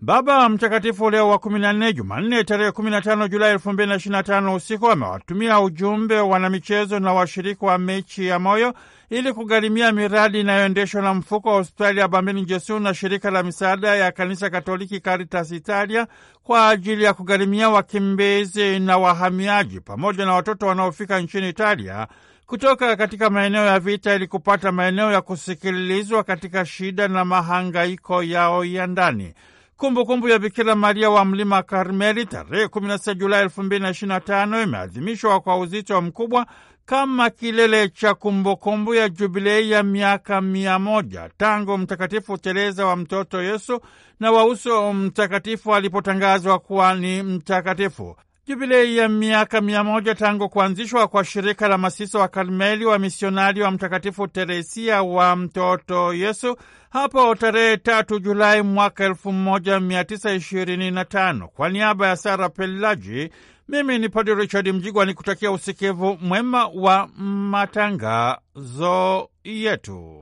Baba Mtakatifu Leo wa 14 Jumanne tarehe 15 Julai 2025 usiku amewatumia ujumbe wanamichezo na washiriki wa mechi ya moyo ili kugharimia miradi inayoendeshwa na mfuko wa hospitali ya Bambini Jesu na shirika la misaada ya kanisa Katoliki Caritas Italia kwa ajili ya kugharimia wakimbizi na wahamiaji pamoja na watoto wanaofika nchini Italia kutoka katika maeneo ya vita ili kupata maeneo ya kusikilizwa katika shida na mahangaiko yao ya ndani. Kumbukumbu ya Bikira Maria wa Mlima Karmeli tarehe 16 Julai 2025 imeadhimishwa kwa uzito mkubwa kama kilele cha kumbukumbu ya jubilei ya miaka mia moja tangu Mtakatifu Tereza wa Mtoto Yesu na wauso Mtakatifu alipotangazwa kuwa ni mtakatifu. Jubilei ya miaka mia moja tangu kuanzishwa kwa shirika la masisa wa Karmeli wa misionari wa Mtakatifu Teresia wa mtoto Yesu hapo tarehe tatu Julai mwaka elfu moja mia tisa ishirini na tano. Kwa niaba ya Sara Pelaji, mimi ni Padre Richard Mjigwa ni kutakia usikivu mwema wa matangazo yetu.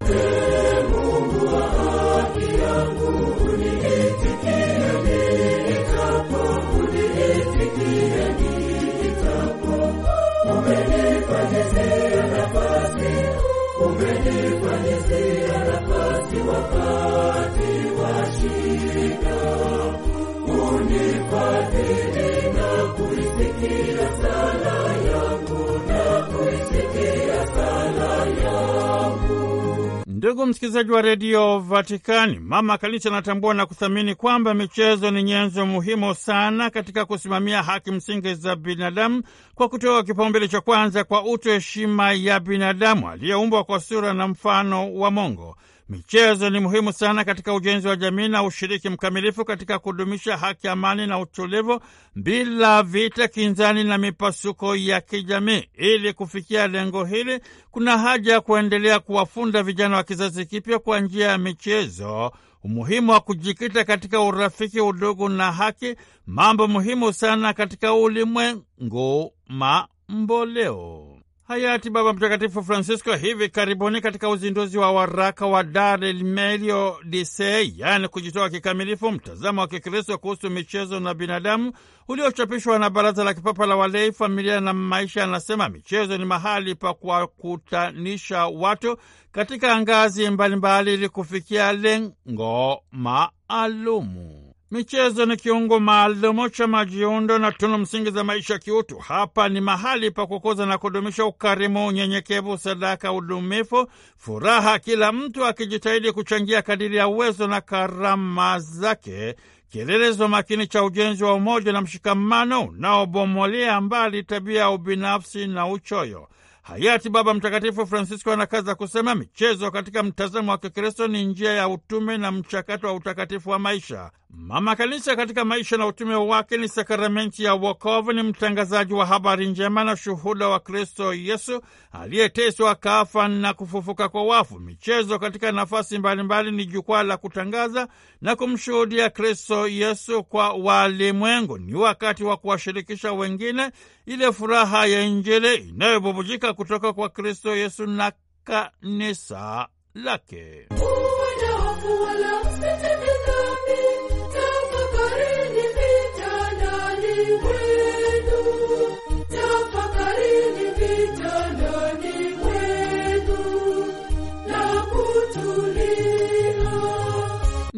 Menipa you will find. Ndugu msikilizaji wa redio Vatikani, Mama Kanisa anatambua na kuthamini kwamba michezo ni nyenzo muhimu sana katika kusimamia haki msingi za binadamu kwa kutoa kipaumbele cha kwanza kwa utu, heshima ya binadamu aliyeumbwa kwa sura na mfano wa Mungu. Michezo ni muhimu sana katika ujenzi wa jamii na ushiriki mkamilifu katika kudumisha haki, amani na utulivu bila vita, kinzani na mipasuko ya kijamii. Ili kufikia lengo hili, kuna haja ya kuendelea kuwafunda vijana wa kizazi kipya kwa njia ya michezo umuhimu wa kujikita katika urafiki, udugu na haki, mambo muhimu sana katika ulimwengu mamboleo. Hayati Baba Mtakatifu Francisco hivi karibuni katika uzinduzi wa waraka wa Dare Melio di Se, yaani kujitoa kikamilifu, mtazamo wa Kikristo kuhusu michezo na binadamu, uliochapishwa na Baraza la Kipapa la Walei, Familia na Maisha, anasema michezo ni mahali pa kuwakutanisha watu katika ngazi mbalimbali ili kufikia lengo maalumu. Michezo ni kiungo maalumu cha majiundo na tunu msingi za maisha kiutu. Hapa ni mahali pa kukuza na kudumisha ukarimu, unyenyekevu, sadaka, udumifu, furaha, kila mtu akijitahidi kuchangia kadiri ya uwezo na karama zake, kielelezo makini cha ujenzi wa umoja na mshikamano unaobomolea mbali tabia ya ubinafsi na uchoyo. Hayati Baba Mtakatifu Francisco anakaza kusema michezo katika mtazamo wa Kikristo ni njia ya utume na mchakato wa utakatifu wa maisha. Mama Kanisa katika maisha na utume wake ni sakramenti ya wokovu. Ni mtangazaji wa habari njema na shuhuda wa Kristo Yesu aliyeteswa, kafa na kufufuka kwa wafu. Michezo katika nafasi mbalimbali ni jukwaa la kutangaza na kumshuhudia Kristo Yesu kwa walimwengu. Ni wakati wa kuwashirikisha wengine ile furaha ya Injili inayobubujika kutoka kwa Kristo Yesu na kanisa lake.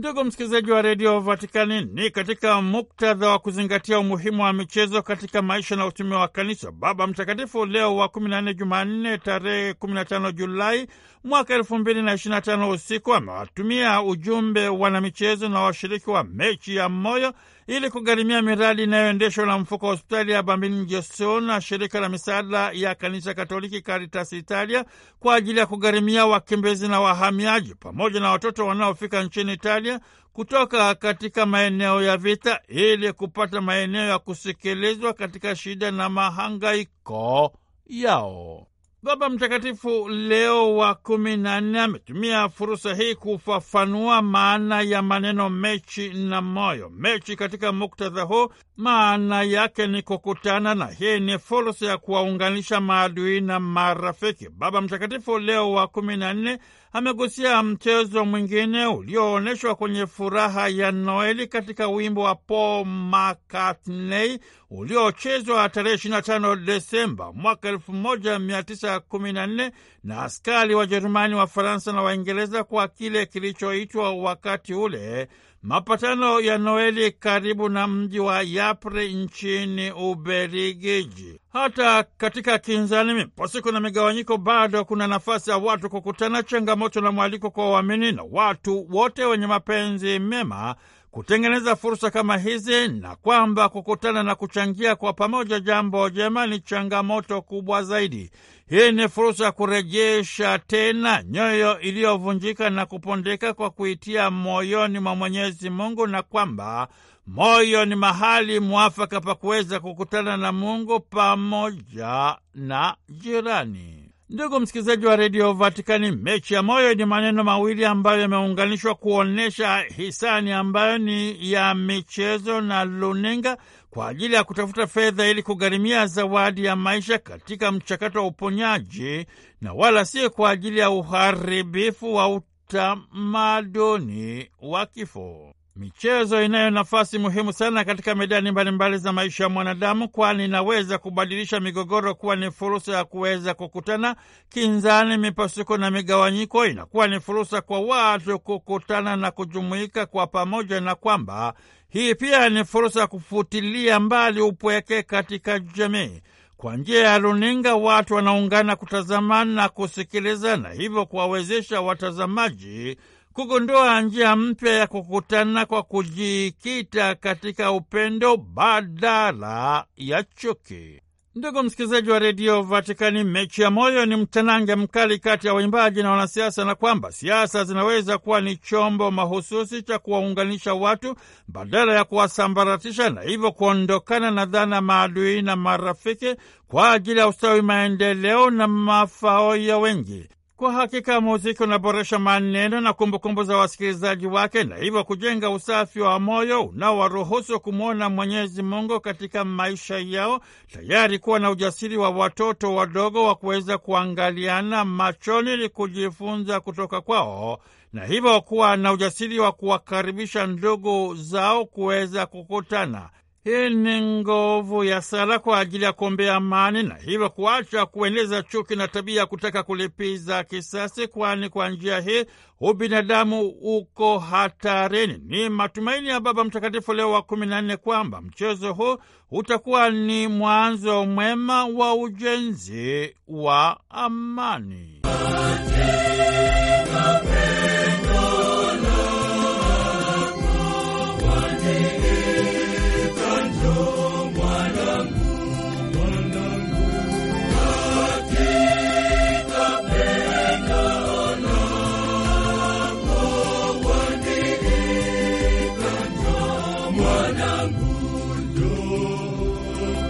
Ndugu msikilizaji wa redio Vatikani, ni katika muktadha wa kuzingatia umuhimu wa michezo katika maisha na utume wa kanisa, Baba Mtakatifu Leo wa 14 Jumanne tarehe 15 Julai mwaka 2025 usiku amewatumia ujumbe wanamichezo na washiriki wa mechi ya moyo ili kugharimia miradi inayoendeshwa na mfuko wa hospitali ya Bambini Gestion na shirika la misaada ya kanisa Katoliki Caritas Italia kwa ajili ya kugharimia wakimbizi na wahamiaji pamoja na watoto wanaofika nchini Italia kutoka katika maeneo ya vita ili kupata maeneo ya kusikilizwa katika shida na mahangaiko yao. Baba Mtakatifu Leo wa kumi na nne ametumia fursa hii kufafanua maana ya maneno mechi na moyo. Mechi katika muktadha huu maana yake ni kukutana, na hii ni fursa ya kuwaunganisha maadui na marafiki. Baba Mtakatifu Leo wa kumi na nne amegusia mchezo mwingine ulioonyeshwa kwenye furaha ya Noeli katika wimbo wa Paul McCartney uliochezwa tarehe 25 Desemba mwaka 1914 na askari Wajerumani, faransa na Waingereza kwa kile kilichoitwa wakati ule Mapatano ya Noeli karibu na mji wa Yapre nchini Uberigiji. Hata katika kinzani, miposiku na migawanyiko, bado kuna nafasi ya watu kukutana, changamoto na mwaliko kwa waamini na watu wote wenye mapenzi mema kutengeneza fursa kama hizi na kwamba kukutana na kuchangia kwa pamoja jambo jema ni changamoto kubwa zaidi. Hii ni fursa ya kurejesha tena nyoyo iliyovunjika na kupondeka kwa kuitia moyoni mwa Mwenyezi Mungu, na kwamba moyo ni mahali mwafaka pa kuweza kukutana na Mungu pamoja na jirani. Ndugu msikilizaji wa redio Vatikani, mechi ya moyo ni maneno mawili ambayo yameunganishwa kuonyesha hisani ambayo ni ya michezo na luninga kwa ajili ya kutafuta fedha ili kugharimia zawadi ya maisha katika mchakato wa uponyaji na wala si kwa ajili ya uharibifu wa utamaduni wa kifo. Michezo inayo nafasi muhimu sana katika medani mbalimbali za maisha ya mwanadamu, kwani inaweza kubadilisha migogoro kuwa ni fursa ya kuweza kukutana kinzani, mipasuko na migawanyiko inakuwa ni fursa kwa watu kukutana na kujumuika kwa pamoja, na kwamba hii pia ni fursa ya kufutilia mbali upweke katika jamii. Kwa njia ya runinga watu wanaungana kutazamana na kusikiliza, na hivyo kuwawezesha watazamaji kugundua njia mpya ya kukutana kwa kujikita katika upendo badala ya chuki. Ndugu msikilizaji wa redio Vatikani, mechi ya moyo ni mtanange mkali kati ya waimbaji na wanasiasa, na kwamba siasa zinaweza kuwa ni chombo mahususi cha kuwaunganisha watu badala ya kuwasambaratisha, na hivyo kuondokana na dhana maadui na marafiki kwa ajili ya ustawi, maendeleo na mafao ya wengi. Kwa hakika muziki unaboresha maneno na kumbukumbu za wasikilizaji wake na hivyo kujenga usafi wa moyo unaowaruhusu kumwona Mwenyezi Mungu katika maisha yao, tayari kuwa na ujasiri wa watoto wadogo wa kuweza kuangaliana machoni ili kujifunza kutoka kwao, na hivyo kuwa na ujasiri wa kuwakaribisha ndugu zao kuweza kukutana. Hii ni nguvu ya sala kwa ajili ya kuombea amani na hivyo kuacha kueneza chuki na tabia ya kutaka kulipiza kisasi, kwani kwa njia hii ubinadamu uko hatarini. Ni matumaini ya Baba Mtakatifu Leo wa kumi na nne kwamba mchezo huu utakuwa ni mwanzo mwema wa ujenzi wa amani.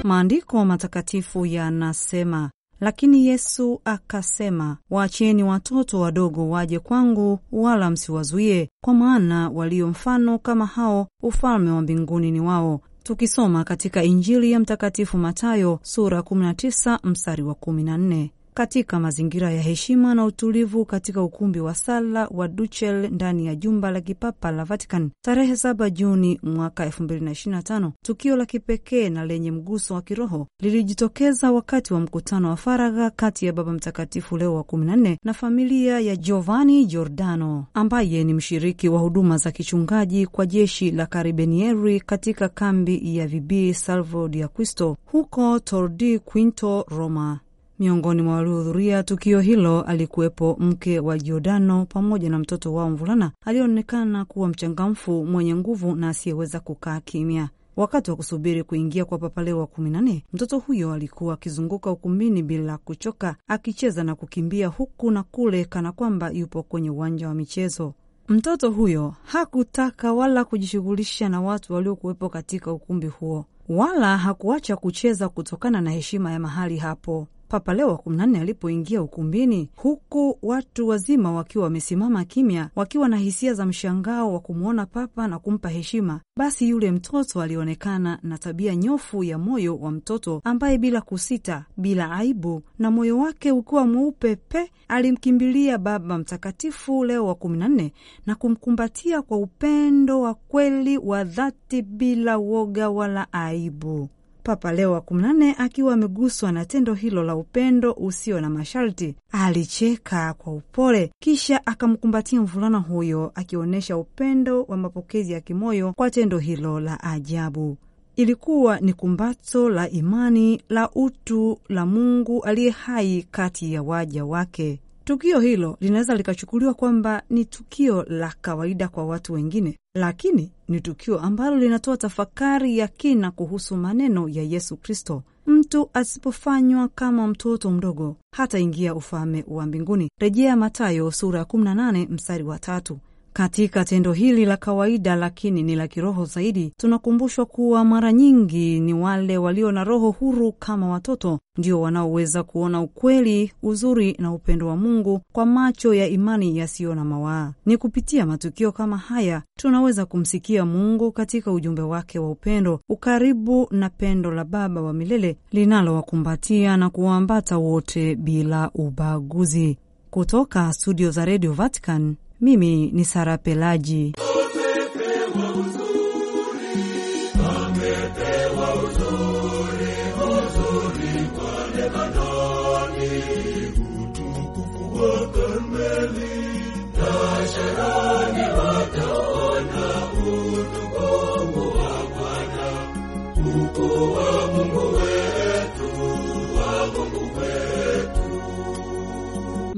Maandiko matakatifu yanasema, lakini Yesu akasema, waachieni watoto wadogo waje kwangu, wala msiwazuie, kwa maana walio mfano kama hao, ufalme wa mbinguni ni wao. Tukisoma katika Injili ya Mtakatifu Matayo sura 19 mstari wa 14 katika mazingira ya heshima na utulivu katika ukumbi wa sala wa Duchel ndani ya jumba la kipapa la Vatican tarehe 7 Juni mwaka 2025. Tukio la kipekee na lenye mguso wa kiroho lilijitokeza wakati wa mkutano wa faragha kati ya Baba Mtakatifu Leo wa 14 na familia ya Giovanni Giordano ambaye ni mshiriki wa huduma za kichungaji kwa jeshi la Karibenieri katika kambi ya Vibi Salvo di Acquisto huko Tor di Quinto, Roma. Miongoni mwa waliohudhuria tukio hilo alikuwepo mke wa Giordano pamoja na mtoto wao mvulana aliyeonekana kuwa mchangamfu, mwenye nguvu na asiyeweza kukaa kimya. Wakati wa kusubiri kuingia kwa Papa Leo wa kumi na nne, mtoto huyo alikuwa akizunguka ukumbini bila kuchoka, akicheza na kukimbia huku na kule, kana kwamba yupo kwenye uwanja wa michezo. Mtoto huyo hakutaka wala kujishughulisha na watu waliokuwepo katika ukumbi huo, wala hakuacha kucheza kutokana na heshima ya mahali hapo. Papa Leo wa kumi alipoingia ukumbini, huku watu wazima wakiwa wamesimama kimya, wakiwa na hisia za mshangao wa kumwona papa na kumpa heshima, basi yule mtoto alionekana na tabia nyofu ya moyo wa mtoto ambaye bila kusita, bila aibu, na moyo wake ukiwa mweupe pe, alimkimbilia Baba Mtakatifu Leo wa kumi na nne na kumkumbatia kwa upendo wa kweli wa dhati, bila woga wala aibu. Papa Leo wa 14 akiwa ameguswa na tendo hilo la upendo usio na masharti alicheka kwa upole, kisha akamkumbatia mvulana huyo, akionyesha upendo wa mapokezi ya kimoyo kwa tendo hilo la ajabu. Ilikuwa ni kumbato la imani la utu la Mungu aliye hai kati ya waja wake. Tukio hilo linaweza likachukuliwa kwamba ni tukio la kawaida kwa watu wengine, lakini ni tukio ambalo linatoa tafakari ya kina kuhusu maneno ya Yesu Kristo: mtu asipofanywa kama mtoto mdogo hataingia ufalme wa mbinguni, rejea Mathayo sura ya 18 mstari wa tatu. Katika tendo hili la kawaida lakini ni la kiroho zaidi, tunakumbushwa kuwa mara nyingi ni wale walio na roho huru kama watoto ndio wanaoweza kuona ukweli, uzuri na upendo wa Mungu kwa macho ya imani yasiyo na mawaa. Ni kupitia matukio kama haya tunaweza kumsikia Mungu katika ujumbe wake wa upendo, ukaribu na pendo la Baba wa milele linalowakumbatia na kuwaambata wote bila ubaguzi. Kutoka studio za Radio Vatican mimi ni Sara Pelaji.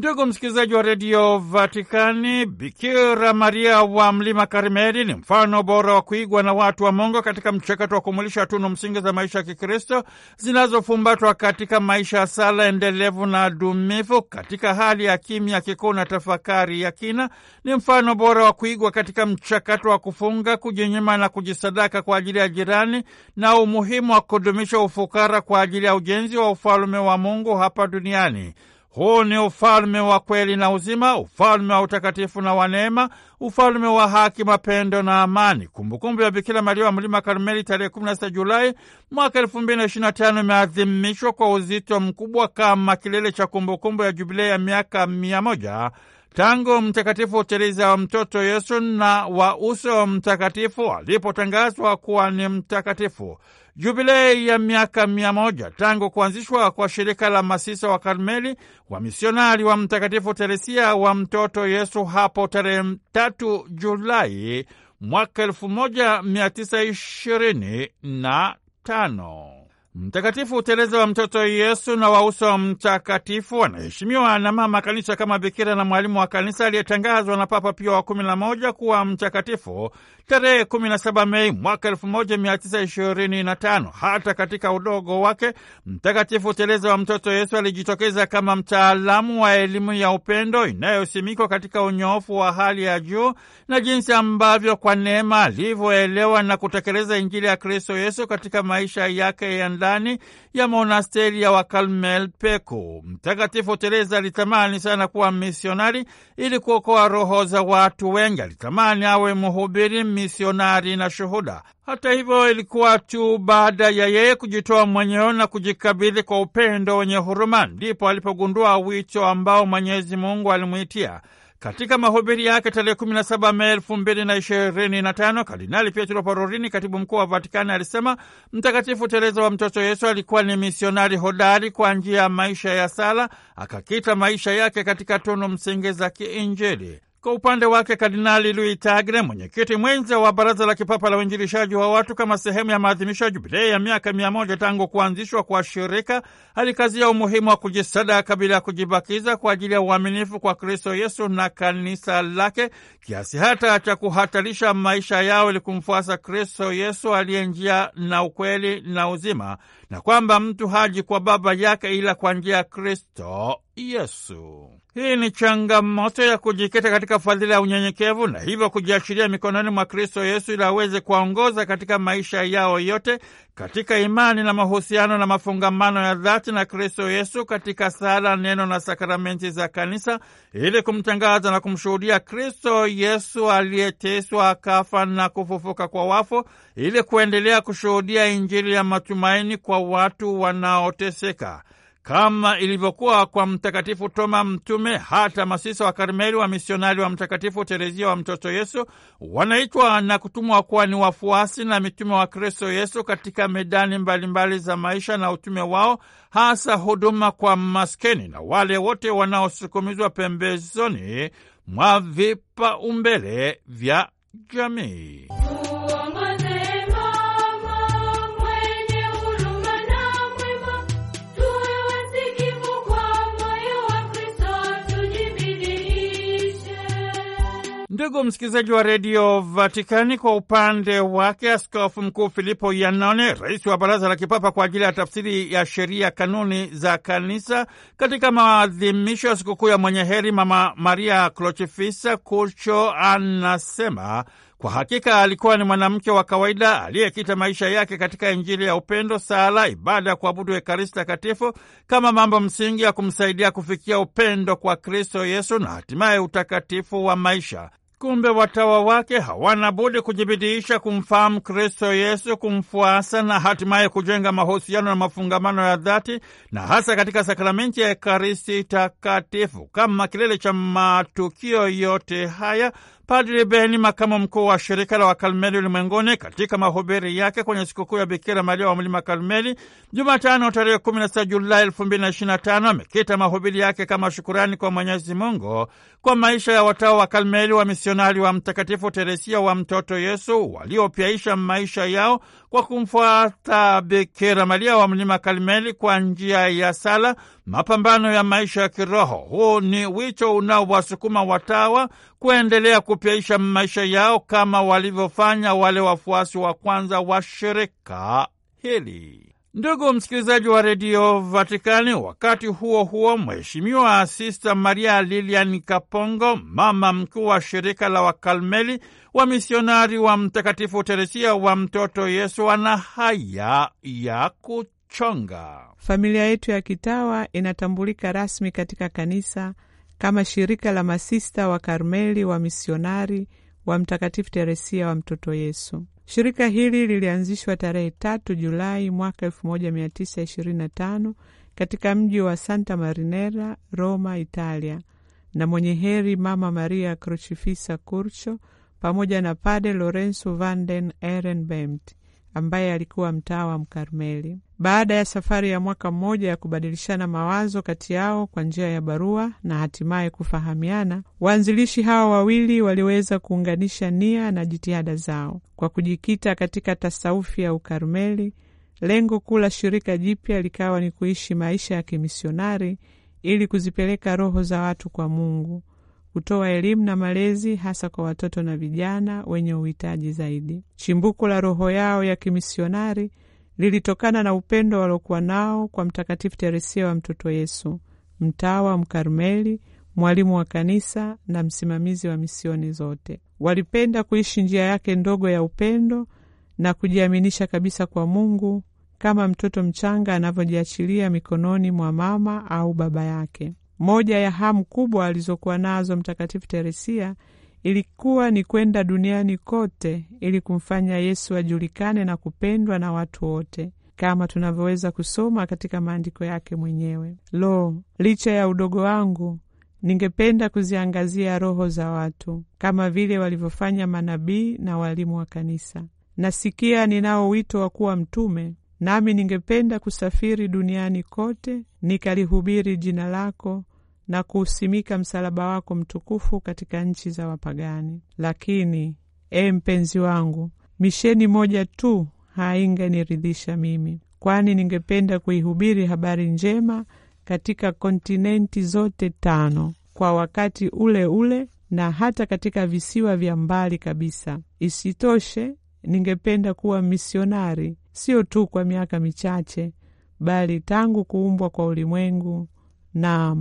Ndugu msikilizaji wa redio Vatikani, Bikira Maria wa mlima Karmeli ni mfano bora wa kuigwa na watu wa Mungu katika mchakato wa kumulisha tunu msingi za maisha ya Kikristo zinazofumbatwa katika maisha ya sala endelevu na dumivu katika hali ya kimya kikuu na tafakari ya kina. Ni mfano bora wa kuigwa katika mchakato wa kufunga, kujinyima na kujisadaka kwa ajili ya jirani na umuhimu wa kudumisha ufukara kwa ajili ya ujenzi wa ufalume wa Mungu hapa duniani. Huu ni ufalme wa kweli na uzima, ufalme wa utakatifu na wa neema, ufalme wa haki, mapendo na amani. Kumbukumbu ya Bikira Maria wa Mlima Karmeli tarehe 16 Julai mwaka 2025 imeadhimishwa kwa uzito mkubwa kama kilele cha kumbukumbu ya jubilei ya miaka mia moja tangu Mtakatifu Teresa wa Mtoto Yesu na wa uso wa mtakatifu alipotangazwa kuwa ni mtakatifu. Jubilei ya miaka mia moja tangu kuanzishwa kwa shirika la masisa wa Karmeli wa misionari wa Mtakatifu Teresia wa mtoto Yesu hapo tarehe tatu Julai mwaka elfu moja mia tisa ishirini na tano. Mtakatifu Tereza wa mtoto Yesu na wa uso wa mtakatifu anaheshimiwa na mama kanisa kama bikira na mwalimu wa kanisa aliyetangazwa na Papa Pio wa kumi na moja kuwa mtakatifu tarehe 17 Mei mwaka 1925. Hata katika udogo wake Mtakatifu Tereza wa mtoto Yesu alijitokeza kama mtaalamu wa elimu ya upendo inayosimikwa katika unyoofu wa hali ya juu na jinsi ambavyo kwa neema alivyoelewa na kutekeleza Injili ya Kristo Yesu katika maisha yake ya ndani ya monasteri ya Wakalmel Peku. Mtakatifu Tereza alitamani sana kuwa misionari ili kuokoa roho za watu wengi. Alitamani awe mhubiri, misionari na shuhuda. Hata hivyo, ilikuwa tu baada ya yeye kujitoa mwenyewe na kujikabidhi kwa upendo wenye huruma ndipo alipogundua wito ambao Mwenyezi Mungu alimwitia. Katika mahubiri yake tarehe 17 Mei 2025, Kardinali Pietro Parolin, katibu mkuu wa Vatikani, alisema Mtakatifu Tereza wa Mtoto Yesu alikuwa ni misionari hodari kwa njia ya maisha ya sala, akakita maisha yake katika tunu msingi za kiinjili. Kwa upande wake Kardinali tagre mwenyekiti mwenza wa Baraza la Kipapa la Uinjilishaji wa watu, kama sehemu ya maadhimisho ya jubilei ya miaka mia moja tangu kuanzishwa kwa shirika, alikazia umuhimu wa kujisadaka bila kujibakiza kwa ajili ya uaminifu kwa Kristo Yesu na kanisa lake, kiasi hata cha kuhatarisha maisha yao ili kumfuasa Kristo Yesu aliye njia na ukweli na uzima, na kwamba mtu haji kwa baba yake ila kwa njia ya Kristo Yesu. Hii ni changamoto ya kujikita katika fadhila ya unyenyekevu na hivyo kujiachilia mikononi mwa Kristo Yesu ili aweze kuwaongoza katika maisha yao yote katika imani na mahusiano na mafungamano ya dhati na Kristo Yesu katika sala, neno na sakramenti za Kanisa ili kumtangaza na kumshuhudia Kristo Yesu aliyeteswa, akafa na kufufuka kwa wafu ili kuendelea kushuhudia Injili ya matumaini kwa watu wanaoteseka kama ilivyokuwa kwa Mtakatifu Toma Mtume, hata masisa wa Karmeli wa misionari wa Mtakatifu Terezia wa Mtoto Yesu wanaitwa na kutumwa kuwa ni wafuasi na mitume wa Kristo Yesu katika medani mbalimbali za maisha na utume wao, hasa huduma kwa maskini na wale wote wanaosukumizwa pembezoni mwa vipaumbele vya jamii. Ndugu msikilizaji wa redio Vatikani, kwa upande wake askofu mkuu Filipo Yanone, rais wa baraza la kipapa kwa ajili ya tafsiri ya sheria kanuni za kanisa, katika maadhimisho ya sikukuu ya mwenye heri Mama Maria klochifisa Kucho, anasema kwa hakika alikuwa ni mwanamke wa kawaida aliyekita maisha yake katika Injili ya upendo, sala, ibada ya kuabudu Ekaristi Takatifu kama mambo msingi ya kumsaidia kufikia upendo kwa Kristo Yesu na hatimaye utakatifu wa maisha. Kumbe watawa wake hawana budi kujibidiisha kumfahamu Kristo Yesu, kumfuasa na hatimaye kujenga mahusiano na mafungamano ya dhati, na hasa katika sakramenti ya Ekaristi Takatifu. Kama kilele cha matukio yote haya, Padri Beni, makamu mkuu wa shirika la Wakalmeli ulimwenguni, katika mahubiri yake kwenye sikukuu ya Bikira Maria wa mlima Karmeli Jumatano tarehe 16 Julai 2025 amekita mahubiri yake kama shukurani kwa Mwenyezi Mungu kwa maisha ya watao wa Karmeli wa misionari wa Mtakatifu Teresia wa mtoto Yesu waliopyaisha maisha yao kwa kumfuata Bikira Maria wa mlima Karmeli kwa njia ya sala, mapambano ya maisha ya kiroho. Huu ni wito unaowasukuma watawa kuendelea kupyaisha maisha yao kama walivyofanya wale wafuasi wa kwanza wa shirika hili. Ndugu msikilizaji wa redio Vatikani, wakati huo huo, Mheshimiwa Sista Maria Lilian Kapongo, mama mkuu wa shirika la Wakalmeli wa misionari wa Mtakatifu Teresia wa mtoto Yesu, ana haya ya kuchonga. Familia yetu ya kitawa inatambulika rasmi katika kanisa kama shirika la masista wa Karmeli wa misionari wa Mtakatifu Teresia wa mtoto Yesu. Shirika hili lilianzishwa tarehe tatu Julai mwaka 1925 katika mji wa Santa Marinera, Roma, Italia, na mwenye heri Mama Maria Crocifissa Curcio pamoja na Pade Lorenzo van den Ehrenbemt ambaye alikuwa mtaa wa Mkarmeli. Baada ya safari ya mwaka mmoja ya kubadilishana mawazo kati yao kwa njia ya barua na hatimaye kufahamiana, waanzilishi hawa wawili waliweza kuunganisha nia na jitihada zao kwa kujikita katika tasaufi ya Ukarmeli. Lengo kuu la shirika jipya likawa ni kuishi maisha ya kimisionari ili kuzipeleka roho za watu kwa Mungu kutoa elimu na malezi hasa kwa watoto na vijana wenye uhitaji zaidi. Chimbuko la roho yao ya kimisionari lilitokana na upendo waliokuwa nao kwa Mtakatifu Teresia wa Mtoto Yesu, mtawa Mkarmeli, mwalimu wa kanisa na msimamizi wa misioni zote. Walipenda kuishi njia yake ndogo ya upendo na kujiaminisha kabisa kwa Mungu kama mtoto mchanga anavyojiachilia mikononi mwa mama au baba yake. Moja ya hamu kubwa alizokuwa nazo Mtakatifu Teresia ilikuwa ni kwenda duniani kote ili kumfanya Yesu ajulikane na kupendwa na watu wote kama tunavyoweza kusoma katika maandiko yake mwenyewe. Lo, licha ya udogo wangu ningependa kuziangazia roho za watu kama vile walivyofanya manabii na walimu wa kanisa. Nasikia ninao wito wa kuwa mtume, nami ningependa kusafiri duniani kote nikalihubiri jina lako na kuusimika msalaba wako mtukufu katika nchi za wapagani. Lakini e mpenzi wangu, misheni moja tu haingeniridhisha mimi, kwani ningependa kuihubiri habari njema katika kontinenti zote tano kwa wakati ule ule na hata katika visiwa vya mbali kabisa. Isitoshe, ningependa kuwa misionari, sio tu kwa miaka michache, bali tangu kuumbwa kwa ulimwengu na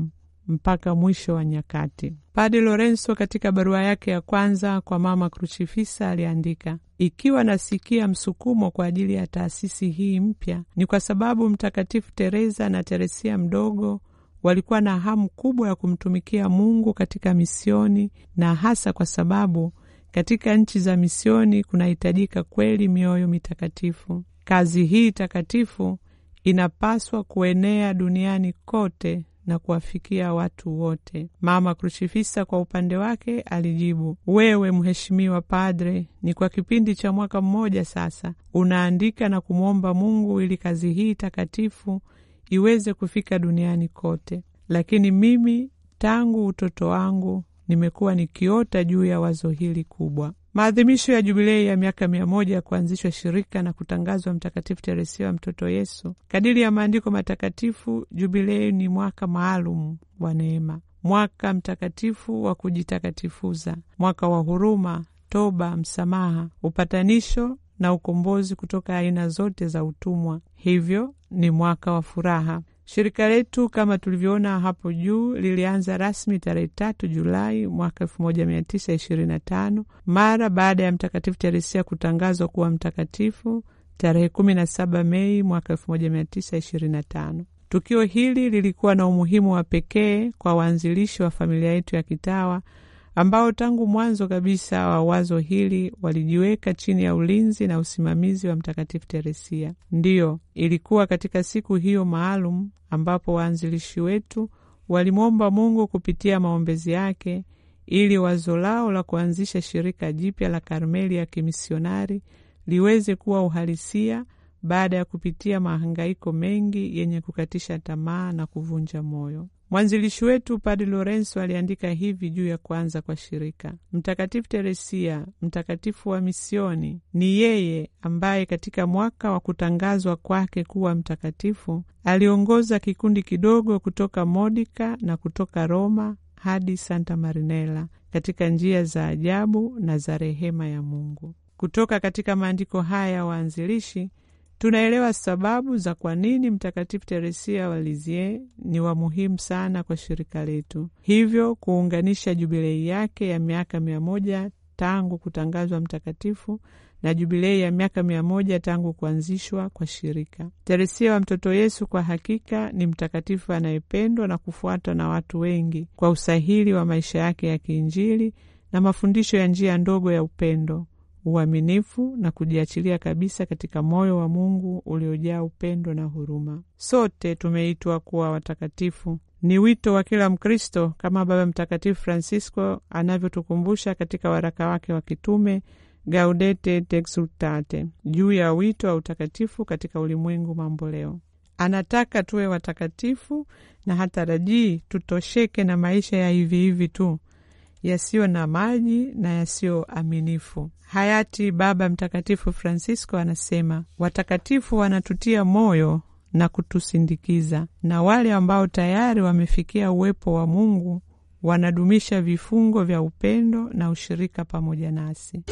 mpaka mwisho wa nyakati. Padre Lorenzo katika barua yake ya kwanza kwa Mama Krucifisa aliandika, ikiwa nasikia msukumo kwa ajili ya taasisi hii mpya ni kwa sababu Mtakatifu Teresa na Teresia mdogo walikuwa na hamu kubwa ya kumtumikia Mungu katika misioni na hasa kwa sababu katika nchi za misioni kunahitajika kweli mioyo mitakatifu. Kazi hii takatifu inapaswa kuenea duniani kote na kuwafikia watu wote. Mama Krushifisa kwa upande wake alijibu, wewe mheshimiwa padre, ni kwa kipindi cha mwaka mmoja sasa unaandika na kumwomba Mungu ili kazi hii takatifu iweze kufika duniani kote, lakini mimi tangu utoto wangu nimekuwa nikiota juu ya wazo hili kubwa. Maadhimisho ya jubilei ya miaka mia moja ya kuanzishwa shirika na kutangazwa Mtakatifu Teresia wa Mtoto Yesu. Kadiri ya maandiko matakatifu, jubilei ni mwaka maalum wa neema, mwaka mtakatifu wa kujitakatifuza, mwaka wa huruma, toba, msamaha, upatanisho na ukombozi kutoka aina zote za utumwa. Hivyo ni mwaka wa furaha. Shirika letu kama tulivyoona hapo juu lilianza rasmi tarehe tatu Julai mwaka 1925 mara baada ya Mtakatifu Teresia kutangazwa kuwa mtakatifu tarehe 17 Mei mwaka tano. Tukio hili lilikuwa na umuhimu wa pekee kwa waanzilishi wa familia yetu ya kitawa ambao tangu mwanzo kabisa wa wazo hili walijiweka chini ya ulinzi na usimamizi wa Mtakatifu Teresia. Ndiyo, ilikuwa katika siku hiyo maalum ambapo waanzilishi wetu walimwomba Mungu kupitia maombezi yake ili wazo lao la kuanzisha shirika jipya la Karmeli ya kimisionari liweze kuwa uhalisia baada ya kupitia mahangaiko mengi yenye kukatisha tamaa na kuvunja moyo. Mwanzilishi wetu Padre Lorenzo aliandika hivi juu ya kuanza kwa shirika: Mtakatifu Teresia, mtakatifu wa misioni, ni yeye ambaye katika mwaka wa kutangazwa kwake kuwa mtakatifu aliongoza kikundi kidogo kutoka Modica na kutoka Roma hadi Santa Marinella katika njia za ajabu na za rehema ya Mungu. Kutoka katika maandiko haya ya waanzilishi Tunaelewa sababu za kwa nini Mtakatifu Teresia wa Lisie ni wa muhimu sana kwa shirika letu, hivyo kuunganisha jubilei yake ya miaka mia moja tangu kutangazwa mtakatifu na jubilei ya miaka mia moja tangu kuanzishwa kwa shirika. Teresia wa Mtoto Yesu kwa hakika ni mtakatifu anayependwa na kufuatwa na watu wengi kwa usahili wa maisha yake ya kiinjili na mafundisho ya njia ndogo ya upendo uaminifu na kujiachilia kabisa katika moyo wa Mungu uliojaa upendo na huruma. Sote tumeitwa kuwa watakatifu. Ni wito wa kila Mkristo, kama Baba Mtakatifu Francisco anavyotukumbusha katika waraka wake wa kitume Gaudete et Exsultate juu ya wito wa utakatifu katika ulimwengu mamboleo. Anataka tuwe watakatifu na hatarajii tutosheke na maisha ya hivi hivi tu, yasiyo na maji na yasiyo aminifu. Hayati Baba Mtakatifu Francisco anasema watakatifu wanatutia moyo na kutusindikiza, na wale ambao tayari wamefikia uwepo wa Mungu wanadumisha vifungo vya upendo na ushirika pamoja nasi.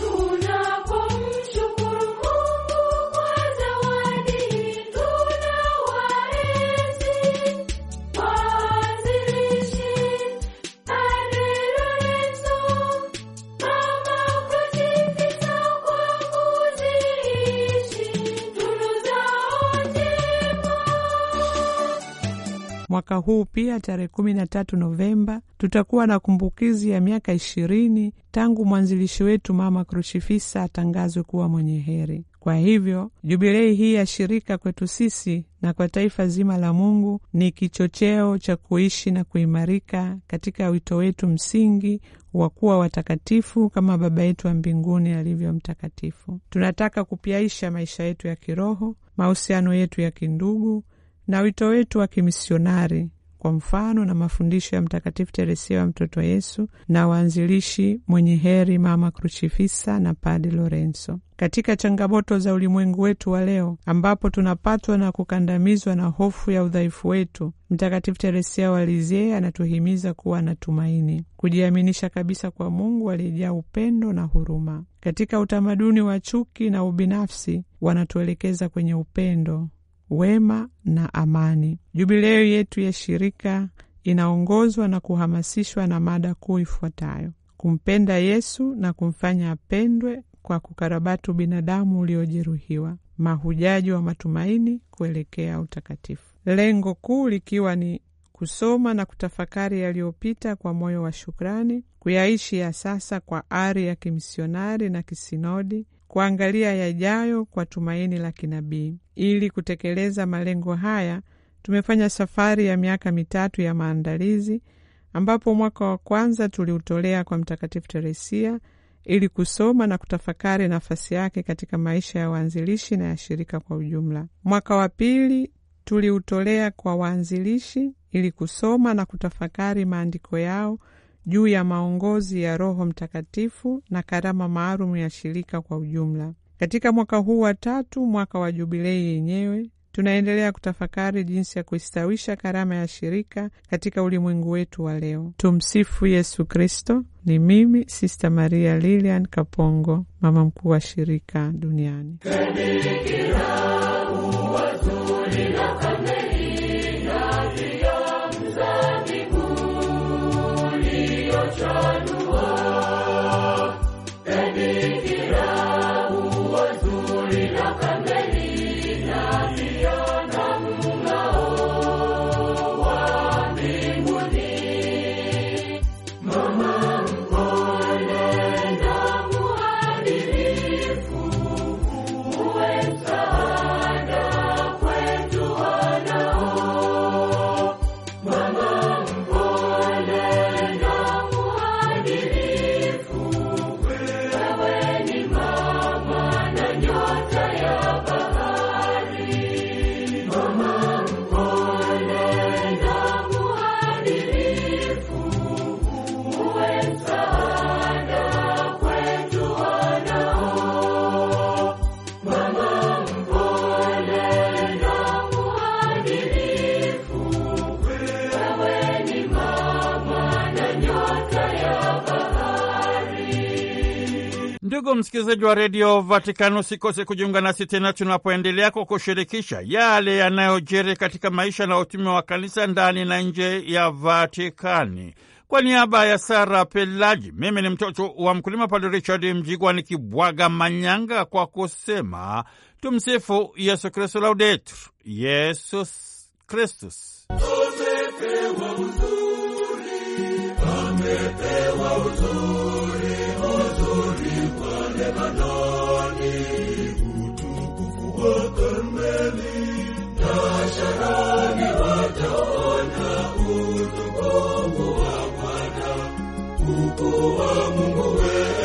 mwaka huu pia tarehe kumi na tatu Novemba tutakuwa na kumbukizi ya miaka ishirini tangu mwanzilishi wetu Mama Krushifisa atangazwe kuwa mwenye heri. Kwa hivyo jubilei hii ya shirika kwetu sisi na kwa taifa zima la Mungu ni kichocheo cha kuishi na kuimarika katika wito wetu msingi wa kuwa watakatifu kama Baba yetu wa mbinguni alivyo mtakatifu. Tunataka kupyaisha maisha yetu ya kiroho, mahusiano yetu ya kindugu na wito wetu wa kimisionari kwa mfano na mafundisho ya Mtakatifu Teresia wa Mtoto Yesu na waanzilishi mwenye heri Mama Krucifisa na Padi Lorenzo. Katika changamoto za ulimwengu wetu wa leo, ambapo tunapatwa na kukandamizwa na hofu ya udhaifu wetu, Mtakatifu Teresia wa Lizie anatuhimiza kuwa na tumaini, kujiaminisha kabisa kwa Mungu aliyejaa upendo na huruma. Katika utamaduni wa chuki na ubinafsi, wanatuelekeza kwenye upendo wema na amani. Jubileo yetu ya shirika inaongozwa na kuhamasishwa na mada kuu ifuatayo: kumpenda Yesu na kumfanya apendwe kwa kukarabati binadamu uliojeruhiwa, mahujaji wa matumaini kuelekea utakatifu, lengo kuu likiwa ni kusoma na kutafakari yaliyopita kwa moyo wa shukrani, kuyaishi ya sasa kwa ari ya kimisionari na kisinodi, kuangalia yajayo kwa tumaini la kinabii. Ili kutekeleza malengo haya, tumefanya safari ya miaka mitatu ya maandalizi, ambapo mwaka wa kwanza tuliutolea kwa Mtakatifu Teresia ili kusoma na kutafakari nafasi yake katika maisha ya waanzilishi na ya shirika kwa ujumla. Mwaka wa pili tuliutolea kwa waanzilishi ili kusoma na kutafakari maandiko yao juu ya maongozi ya Roho Mtakatifu na karama maalum ya shirika kwa ujumla. Katika mwaka huu wa tatu, mwaka wa jubilei yenyewe, tunaendelea kutafakari jinsi ya kuistawisha karama ya shirika katika ulimwengu wetu wa leo. Tumsifu Yesu Kristo. Ni mimi Sista Maria Lilian Kapongo, mama mkuu wa shirika duniani. Ndugu msikilizaji wa redio Vatikano, usikose kujiunga nasi tena tunapoendelea kwa kushirikisha yale yanayojiri katika maisha na utume wa kanisa ndani na nje ya Vatikani. Kwa niaba ya Sara Pelaji, mimi ni mtoto wa mkulima Padre Richard Mjigwa nikibwaga manyanga kwa kusema tumsifu Yesu Kristu, laudetur Yesus Kristus. Tumepewa uzuri, uzuri Mungu wewe